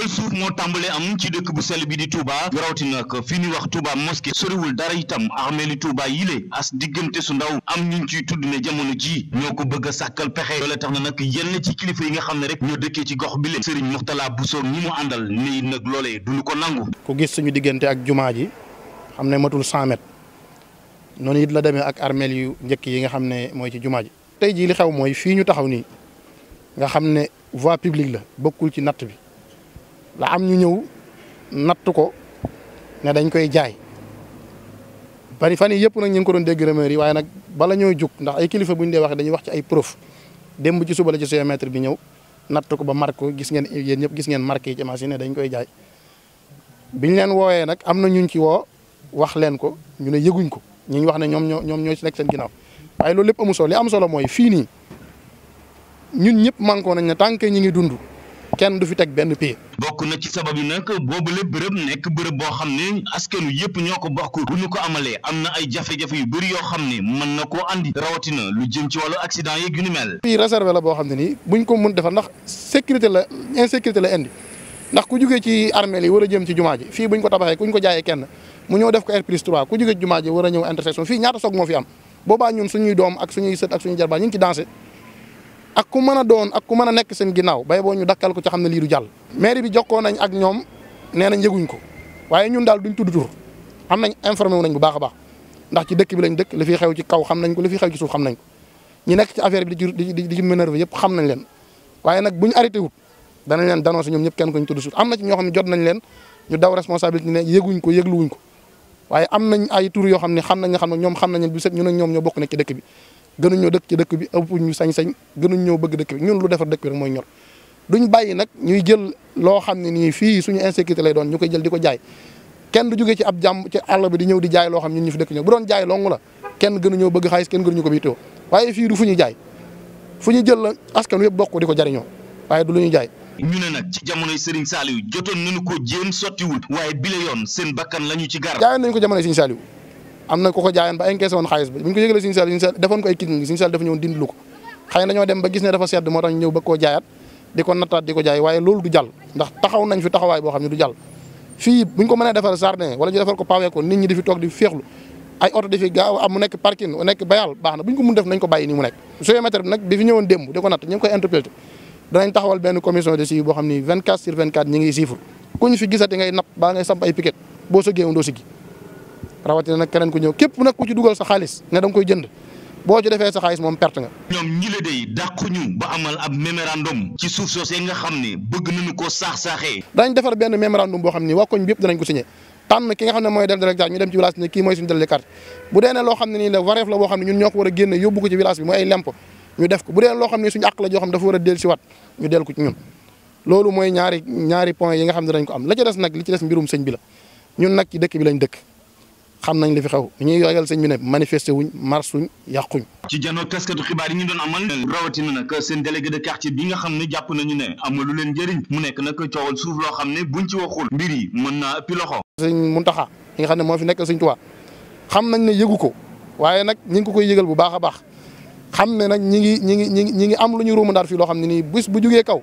coowal suuf moo tàmbale am ci dëkk bu sell bi di Touba rawatina ak fi ñuy wax Touba mosquée soriwul dara itam armeeli yi yile as diggante su ndaw am ñu ciy tudd ne jamono ji ñoo ko bëgg a sàkkal pexe loola tax na nag yenn ci kilifa yi nga xam ne rek ñoo dëkkee ci gox bi leen Serigne bu Bousso ñi mu àndal nii nag loolee duñu ko nangu. ku gis suñu diggante ak jumaa ji xam ne matul 100 mètres noonu it la demee ak armeel yu njëkk yi nga xam ne mooy ci jumaa ji. tey jii li xew mooy fii ñu taxaw nii nga xam ne voie publique la bokkul ci natt bi. la am ñu ñëw natt ko ne dañ koy jaay bari fan yii yëpp nag ñu ngi ko doon dégg yi waaye nag bala ñooy jug ndax ay kilifa bu ñu dee waxee dañuy wax ci ay preuve démb ci suba la ci géomètre bi ñëw natt ko ba marque ko gis ngeen yéen ñëpp gis ngeen marque yi ci machine ne dañ koy jaay biñ leen woowee nag am na ñuñ ci woo wax leen ko ñu ne yëguñ ko ñu wax ne ñoom ñoo ñoom ñoo ci nekk seen ginnaaw waaye loolu lépp amu solo li am solo mooy fii nii ñun ñëpp mànkoo nañ ne tant que ñi ngi dundu kenn du fi teg benn pied. bokk na ci sabab yi nag boobule bërëb nekk bërëb boo xam ne askan wi yëpp ñoo ko bokk bu ñu ko amalee am na ay jafe-jafe yu bari yoo xam ne mën na koo andi rawatina lu jëm ci wàllu accident yeeg yu ni mel. fii réservé la boo xam ne nii buñ ko mun defar ndax sécurité la insécurité la indi ndax ku jugee ci armée yi war a jëm ci jumaa ji fii buñ ko tabaxee kuñ ko jaayee kenn mu ñëw def ko R plus 3 ku jugee ci jumaa ji war a ñëw intersection ñaata soog moo am boobaa ñun suñuy doom ak suñuy sët ak ñu ngi ci dansé ak ku mën a doon ak ku mën a nekk seen ginnaaw bay boo ñu dakkal ko ci xam ne lii du jàll. mairie bi jokkoo nañ ak ñoom nee nañ yëguñ ko waaye ñun daal duñ tudd tur am nañ informé wu nañ bu ndax ci dëkk bi lañ dëkk li fi xew ci kaw xam nañ ko li fi xew xam nañ ko nekk ci affaire bi di ci di ci minerve yëpp xam nañ leen waaye nag bu ñu arrêté wut danañ ñëpp kenn ko ñu tudd suuf am na ci ñoo xam ne jot nañ leen ñu daw responsabilité ne yëguñ ko yëgluwuñ ko waaye am nañ ay tur yoo xam ne xam nañ nga xam ñoom xam nañ bu set ñun ak ñoom ñoo bokk nekk ci dëkk bi gënuñ ñoo dëkk ci dëkk bi ëpp ñu sañ-sañ gënuñ ñëw bëgg dëkk bi ñun lu defar dëkk bi rek mooy ñor ñu bàyyi nag ñuy jël loo xam ne nii fii suñu insécurité lay doon ñu koy jël di ko jaay kenn du ci ab jàmm ci àll bi di ñëw di jaay loo xam ñun ñu fi dëkk ñoo bu doon jaay longu la kenn gënuñoo bëgg xaalis kenn gënuñu ko biitoo waaye fii du fu ñu jaay fu ñu jël la askan yëpp bokk di ko jariñoo waaye du lu ñu jaay ñu ne nag ci jamonoy Serigne Saliou jotoon nañu ko jéem sottiwul waaye bile yoon seen bakkan lañu ci gar jaay nañ ko jamonoy Serigne Saliou am na ko jaayoon ba encaissé woon xaalis ba bu ñu ko yëgalee suñu sal suñu sal defoon ko ay kit ngi suñu sal dafa ñëwoon na dañoo dem ba gis ne dafa sedd moo tax ñu ñëw ba koo jaayaat di ko nattaat di ko jaay waaye loolu du jàll ndax taxaw nañ fi taxawaay boo xam ne du jàll fii buñ ko mënee defar jardin wala defar ko pawe ko ñi di fi toog di féexlu ay oto di gaaw am nekk parking mu baax na buñ ko mun def nañ ko bàyyi ni mu nekk géomètre bi nag rawatina nag keneen ku ñëw képp nag ku ci dugal sa xaalis ne da nga koy jënd boo ci defee sa xaalis moom perte nga. ñoom ñi la dey dàqu ñu ba amal ab mémorandum ci suuf soosee nga xam ne bëgg nañu koo saax saaxee. danañ defar benn mémorandum boo xam ni waa koñ bi yëpp danañ ko signé tànn ki nga xam ne mooy def délégation ñu dem ci village ne kii mooy suñu délégué carte bu dee ne loo xam ñoo ko war a génne yóbbu ko ne suñu àq la a dellu si waat ñu dellu ko ci ñun loolu mooy ñaari ñaari yi nga xam ne dañ ko am la ci des nag li ci des mbirum sëñ bi la ñun nag ci dëkk bi lañ dëkk xam nañ li fi xew ñuy ragal sëñ bi ne manifesté wuñ mars wuñ yàquñ ci janoo taskatu xibaar yi ñu doon amal rawatina nag seen délégué de quartier bi nga xam ne jàpp nañu ne amalu leen njëriñ mu nekk nag coowal suuf loo xam ne buñ ci waxul mbir yi mën naa ëppi loxo sëñ Muntaxa yi nga xam ne moo fi nekk sëñ Tuubaa xam nañ ne yëgu ko waaye nag ñi ngi ko koy yëgal bu baax a baax xam ne nag ñi ngi ñi ngi ñi ngi ngi am lu ñu ruumandaat fii loo xam ne nii bés bu jugee kaw